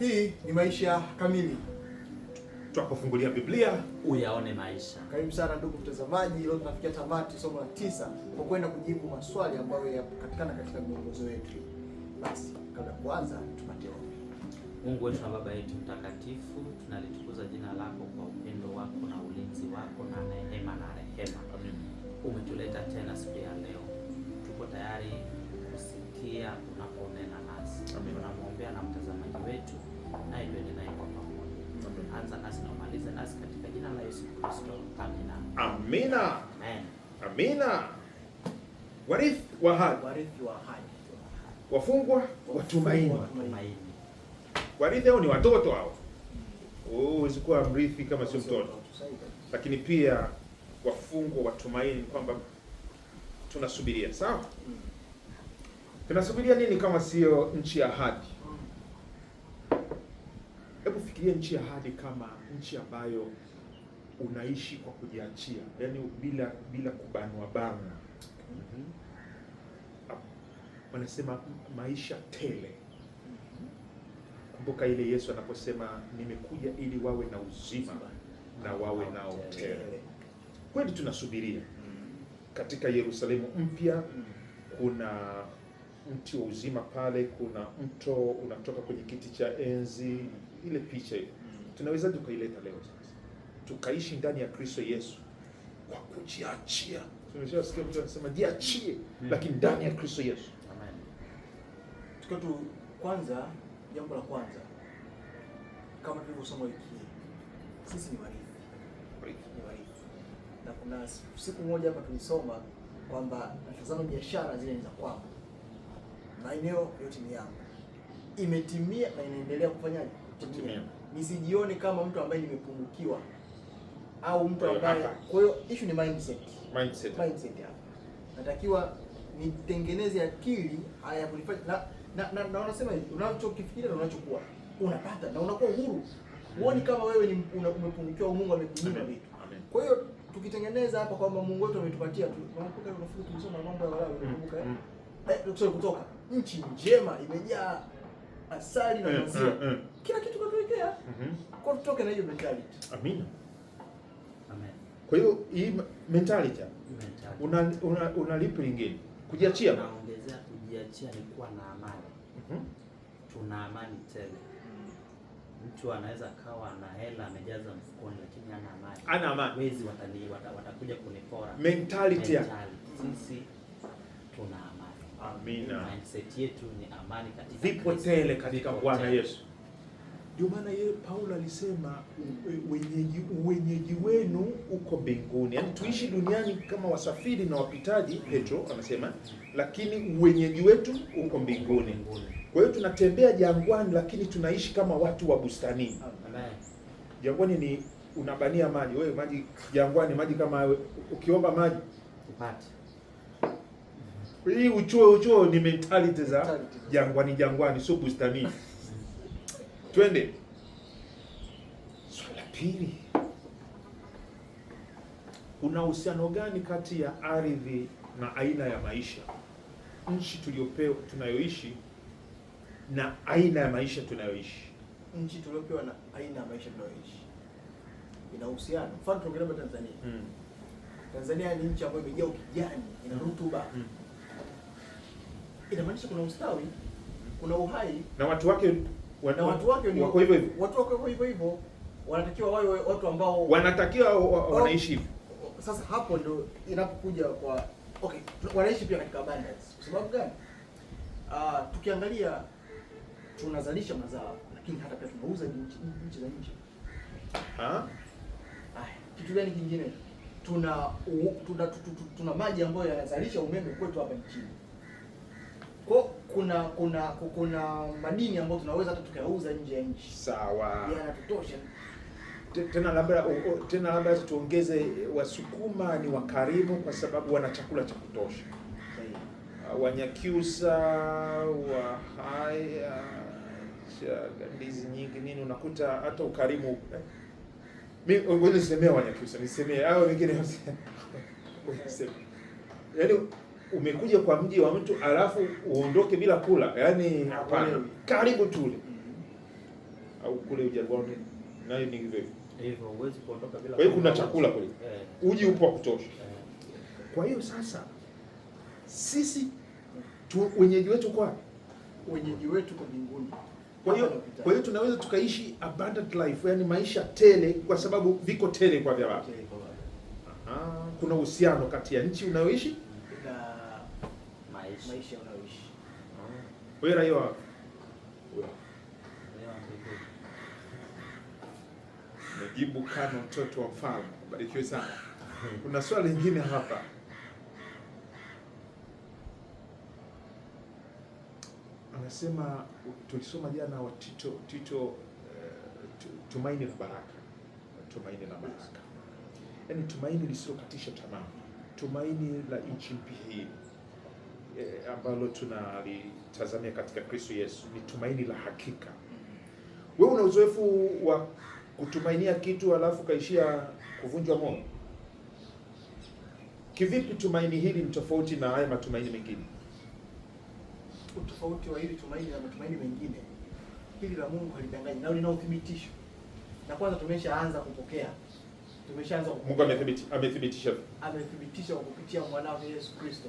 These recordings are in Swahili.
Hii ni Maisha Kamili, tutakufungulia Biblia uyaone maisha. Karibu sana ndugu mtazamaji, leo tunafikia tamati somo la tisa kwa kwenda kujibu maswali ambayo yapatikana katika miongozo wetu. Basi kabla kuanza, tupate ombi. Mungu wetu na Baba yetu mtakatifu, tunalitukuza jina lako kwa upendo wako na ulinzi wako na neema na rehema. Umetuleta tena siku ya leo, tuko tayari kusikia unaponena nasi. Tunamwombea na mtazamaji wetu naye kwa pamoja. Anza nasi na umalize nasi katika jina la Yesu Kristo. Amina. Amina. Amen. Amina. Warithi wa ahadi. Warithi wa ahadi. Wafungwa watumaini. Warithi hao ni watoto hao. Oh, huwezi kuwa mrithi kama sio mtoto. Lakini pia wafungwa watumaini kwamba tunasubiria, sawa? Mm. Tunasubiria nini kama sio nchi ya ahadi? Ichukulie nchi ya ahadi kama nchi ambayo unaishi kwa kujiachia, yaani bila bila kubanwa banwa. mm -hmm. Wanasema maisha tele. Kumbuka ile Yesu anaposema nimekuja ili wawe na uzima na wawe nao tele. Kweli tunasubiria mm-hmm. katika Yerusalemu mpya, mm-hmm. kuna mti wa uzima pale, kuna mto unatoka kwenye kiti cha enzi ile picha hiyo mm. tunaweza tukaileta leo sasa, tukaishi ndani ya Kristo Yesu kwa kujiachia. Tumeshasikia mtu anasema jiachie, mm. lakini ndani ya Kristo Yesu. Amen. Tukatu kwanza, jambo la kwanza kama tulivyosoma wiki hii, sisi ni warithi, ni warithi, na kuna siku moja hapa tulisoma kwamba natazama biashara zile ni za kwangu, maeneo yote ni yangu, imetimia na inaendelea kufanyaje kutumia, nisijione kama mtu ambaye nimepungukiwa au mtu ambaye. Kwa hiyo issue ni mindset, mindset, mindset hapa natakiwa nitengeneze akili haya ah, kunifanya na na, na, na unasema hivi unachokifikiria na unachokuwa unapata na unakuwa uhuru. Huoni kama wewe ni umepungukiwa au Mungu amekunyima vitu. Kwa hiyo tukitengeneza hapa kwamba Mungu wetu ametupatia tu. Unakumbuka, unafuku tulisoma mambo ya Walawi, unakumbuka mm, mm. eh? Kutoka nchi njema imejaa asali na eh, maziwa, eh, eh. kila kitu katuwekea kwa, tutoke mhm. na hiyo mentality. Amina. Amen. Kwa hiyo hii mentality una, una, una lipi lingine? Kujiachia, naongezea kujiachia ni kuwa na amani. mm -hmm. Tuna amani tele. Mtu anaweza kawa na hela amejaza mfukoni, lakini hana amani, ana amani, wezi watani watakuja kunipora. Mentality, mentality. Sisi tuna Amina. Mindset yetu ni amani katika vipo tele katika Bwana Yesu. Ndio maana yeye Paulo alisema wenyeji wenyeji wenu uko mbinguni. Yaani tuishi duniani kama wasafiri na wapitaji, Petro anasema, lakini wenyeji wetu uko mbinguni. Kwa hiyo tunatembea jangwani, lakini tunaishi kama watu wa bustani. Jangwani ni unabania maji wewe, maji jangwani, maji kama wewe ukiomba maji upate hii uchuo uchuo ni mentality za jangwani jangwani, sio bustani. Twende swala pili, kuna uhusiano gani kati ya ardhi na aina ya maisha? Nchi tuliyopewa tunayoishi na aina ya maisha tunayoishi, nchi tuliyopewa na aina ya maisha tunayoishi ina uhusiano. Mfano, tuongelee Tanzania. Mm. Tanzania ni nchi ambayo imejaa ukijani, ina hmm. rutuba. Mm inamaanisha kuna ustawi, kuna uhai na watu wake na watu wake ni wako hivyo hivyo, watu wako hivyo hivyo, wanatakiwa wawe watu ambao wanatakiwa oh, wanaishi hivyo. Sasa hapo ndio inapokuja kwa okay, wanaishi pia katika abundance. Kwa sababu gani? Uh, tukiangalia tunazalisha mazao lakini hata pia tunauza nchi za nje. Ah, kitu gani kingine? Tuna tuna, tuna, tuna maji ambayo yanazalisha umeme kwetu hapa nchini kwa kuna kuna kuna madini ambayo tunaweza hata tukayauza nje ya nchi. Sawa. Yanatutosha. Tena labda tena labda tuongeze, Wasukuma ni wakarimu kwa sababu wana chakula cha kutosha. Ah, Wanyakyusa, Wahaya, ndizi nyingi nini, unakuta hata ukarimu mimi eh. ngoja nisemee Wanyakyusa, nisemee hao wengine yaani umekuja kwa mji wa mtu alafu uondoke bila kula, yaani hapana. Karibu tule au kule Ujerumani nayo ni hivyo hivyo, huwezi kuondoka bila. Kwa hiyo kuna chakula kule, eh. uji upo wa kutosha. Eh. Kwa hiyo sasa sisi tu wenyeji wetu kwa wenyeji wetu kwa mbinguni. Kwa hiyo kwa hiyo tunaweza tukaishi abundant life, yani maisha tele, kwa sababu viko tele kwa vya wapi. Kuna uhusiano kati ya nchi unayoishi unaishi. Maisha unayoishi. Wewe ah. raia wapi? Najibu Kano mtoto wa mfalme. Barikiwe sana. Kuna swali lingine hapa. Anasema tulisoma jana wa Tito Tito uh, tumaini la baraka. Tumaini la baraka. Yaani tumaini lisilokatisha tamaa. Tumaini la nchi mpya hii. Eh, ambalo tunalitazamia katika Kristo Yesu ni tumaini la hakika. Wewe una uzoefu wa kutumainia kitu halafu kaishia kuvunjwa moyo? Kivipi tumaini hili ni tofauti na haya matumaini mengine? Utofauti wa hili tumaini na matumaini mengine, hili la Mungu halidanganyi na lina uthibitisho, na kwanza tumeshaanza kupokea tumeshaanza kupokea. Mungu amethibitisha amethibitisha amethibitisha kupitia mwanawe Yesu Kristo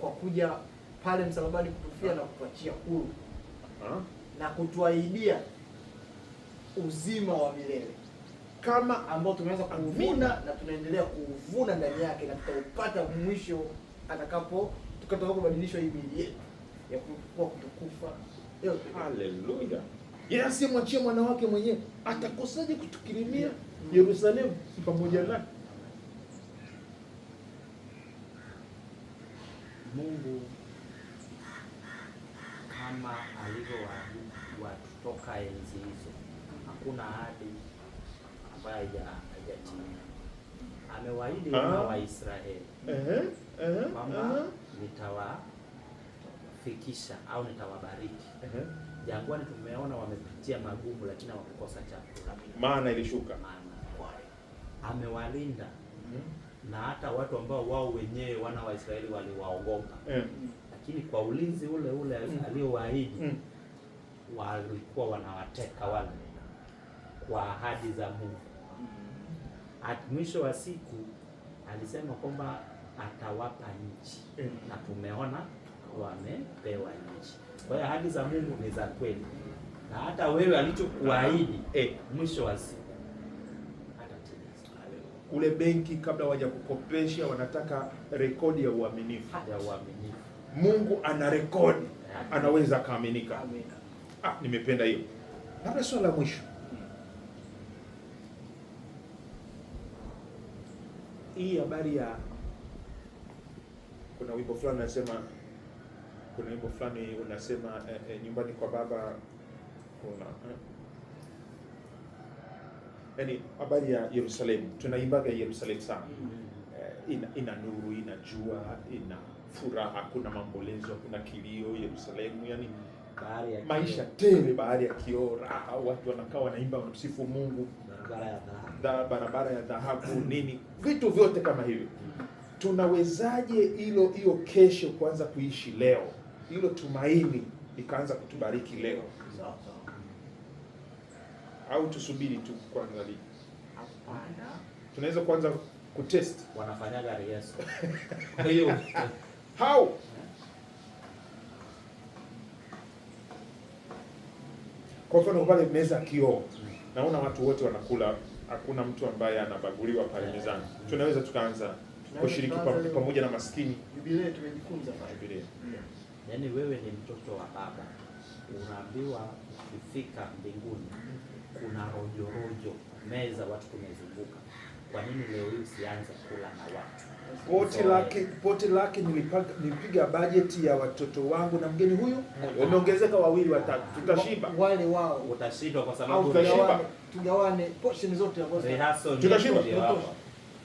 kwa kuja pale msalabani kutufia na kutuachia huru na kutuahidia uzima wa milele kama ambao tumeanza kuvuna na tunaendelea kuvuna ndani yake na tutaupata mwisho atakapo tukatoka kubadilishwa hii miili yetu ya kuwa kutokufa. Haleluya! Yesu mwachie mwanawake mwenyewe, atakosaje kutukirimia Yerusalemu pamoja naye? Mungu kama alivyowaahidi enzi hizo, hakuna ahadi ambayo haijatimia. Amewaahidi ah. wana wa Israeli kwamba nitawafikisha au nitawabariki. Jangwani tumeona wamepitia magumu, lakini hawakukosa chakula, maana ilishuka. Maana amewalinda mhm na hata watu ambao wao wenyewe wana wa Israeli waliwaogopa yeah. Lakini kwa ulinzi ule ule mm. aliowaahidi mm. walikuwa wanawateka wale kwa ahadi za Mungu. At mwisho wa siku alisema kwamba atawapa nchi mm. na tumeona wamepewa nchi. Kwa hiyo ahadi za Mungu ni za kweli, na hata wewe alichokuahidi ah. eh, mwisho wa siku kule benki kabla kukopesha wanataka rekodi ya uaminifu ya uaminifu. Mungu ana rekodi, anaweza akaaminika. Ah, nimependa hiyo. Labda swali la mwisho, hii habari ya kuna wimbo fulani unasema, kuna wimbo fulani unasema eh, eh, nyumbani kwa baba kuna eh yani habari ya Yerusalemu, tunaimbaga Yerusalemu sana eh, ina, ina nuru ina jua ina furaha, kuna maombolezo, kuna kilio Yerusalemu, yani bahari ya maisha tele, bahari ya kioo, raha, watu wanakaa wanaimba, wanamsifu Mungu, barabara ya dhahabu nini, vitu vyote kama hivyo. Tunawezaje hilo hiyo kesho kuanza kuishi leo, hilo tumaini ikaanza kutubariki leo? au tusubiri tu kwanza lini? Hapana, tunaweza kwanza kutest. Wanafanyaga rehearsal. Kwa hiyo how kwa mfano pale meza kioo, naona watu wote wanakula, hakuna mtu ambaye anabaguliwa pale mezani. Mm. Tunaweza tukaanza kushiriki pamoja na maskini. Biblia tumejifunza pale, Biblia, mm. yani wewe ni mtoto wa baba unaambiwa ukifika mbinguni kuna rojorojo meza watu tumezunguka. Kwa nini leo hii usianze kula na watu? poti lake poti lake nilipiga bajeti ya watoto wangu na mgeni huyu mm. wameongezeka wawili watatu, tutashiba wale wao. Utashiba kwa sababu tutashiba, tugawane portion zote ambazo tutashiba.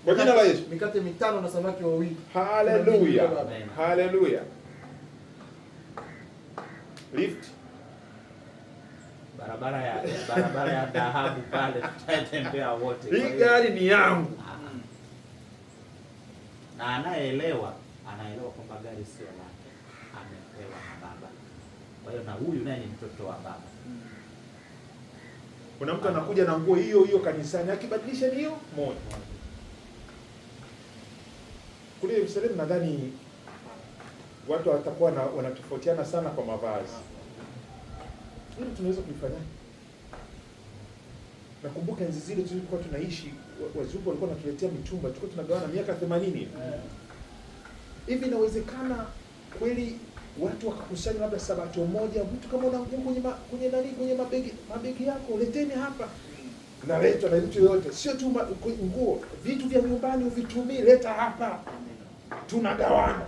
Kwa jina la Yesu, mikate mitano na samaki wawili. Haleluya, haleluya lift barabara ya barabara ya dhahabu pale, tutatembea wote. Hii gari ni yangu. Ah. Na anayeelewa anaelewa kwamba gari sio lake, amepewa na baba. Kwa hiyo na huyu naye ni mtoto wa baba. Kuna mtu anakuja na nguo hiyo hiyo kanisani, akibadilisha hiyo moja kule Yerusalemu, nadhani watu watakuwa wanatofautiana sana kwa mavazi. Hili tunaweza kulifanyaje? Nakumbuka enzi zile tulikuwa tunaishi, wazungu walikuwa wanatuletea mitumba, tulikuwa tunagawana miaka 80 hivi. Inawezekana kweli watu wakakusanya labda sabato moja, mtu kama una nguo kwenye kwenye nani kwenye mabegi mabegi yako leteni hapa, naletwa na mtu yoyote, sio tu nguo, vitu vya nyumbani uvitumii, leta hapa, tunagawana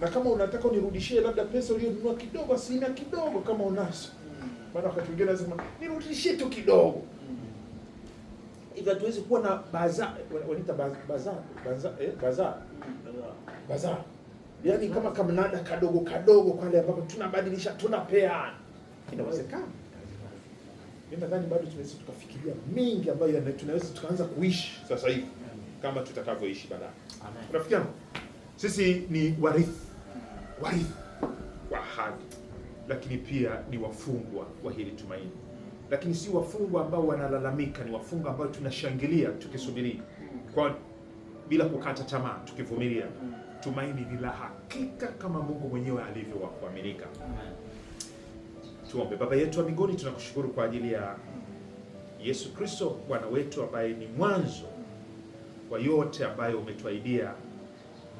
na kama unataka unirudishie labda pesa uliyonunua kidogo, asilimia kidogo kama unazo, hmm. maana wakati mwingine lazima nirudishie tu kidogo hmm. hivyo hatuwezi kuwa na baza wanaita baza baza baza eh, baza hmm. baza, yaani kama kamnada kadogo kadogo kwale ambapo tunabadilisha tunapeana, inawezekana. Mimi nadhani bado tunaweza tukafikiria mingi ambayo tunaweza tukaanza kuishi sasa hivi kama tutakavyoishi baadaye. Rafiki sisi ni warithi warithi wa ahadi, lakini pia ni wafungwa wa hili tumaini. Lakini si wafungwa ambao wanalalamika, ni wafungwa ambao tunashangilia tukisubiri kwa bila kukata tamaa, tukivumilia. Tumaini ni la hakika kama Mungu mwenyewe alivyo wa kuaminika. Tuombe. Baba yetu wa mbinguni, tunakushukuru kwa ajili ya Yesu Kristo Bwana wetu ambaye ni mwanzo wa yote ambayo umetuahidia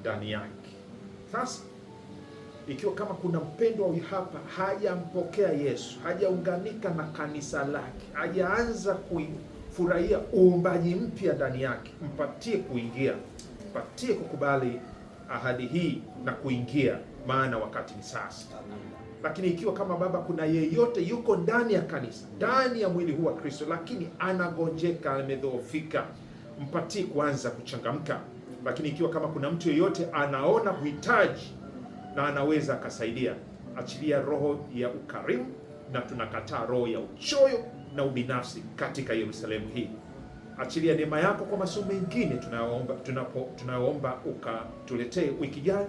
ndani yake sasa ikiwa kama kuna mpendwa huyu hapa hajampokea Yesu, hajaunganika na kanisa lake, hajaanza kufurahia uumbaji mpya ndani yake, mpatie kuingia, mpatie kukubali ahadi hii na kuingia, maana wakati ni sasa. Lakini ikiwa kama Baba, kuna yeyote yuko ndani ya kanisa, ndani ya mwili huu wa Kristo, lakini anagonjeka, amedhoofika, mpatie kuanza kuchangamka. Lakini ikiwa kama kuna mtu yeyote anaona uhitaji na anaweza akasaidia. Achilia roho ya ukarimu, na tunakataa roho ya uchoyo na ubinafsi katika Yerusalemu hii. Achilia neema yako kwa masomo mengine tunayoomba, tunapo tunayoomba ukatuletee wiki ijayo,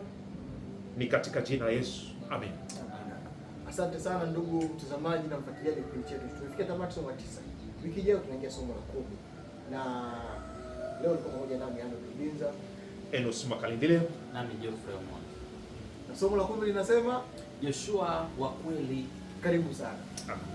ni katika jina la Yesu, amen. Asante sana ndugu mtazamaji na mfuatiliaji kipindi chetu. Tumefikia tamati somo la tisa. Wiki ijayo tunaingia somo la kumi, na leo niko pamoja nami Andrew Kibinza, Enos Makalindile nami Geoffrey na somo la kwanza linasema Yoshua wa kweli. Karibu sana. Amen.